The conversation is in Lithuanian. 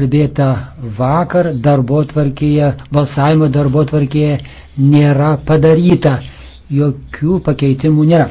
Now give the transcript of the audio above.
kalbėta vakar darbo tvarkėje, balsavimo darbo tvarkėje nėra padaryta. Jokių pakeitimų nėra.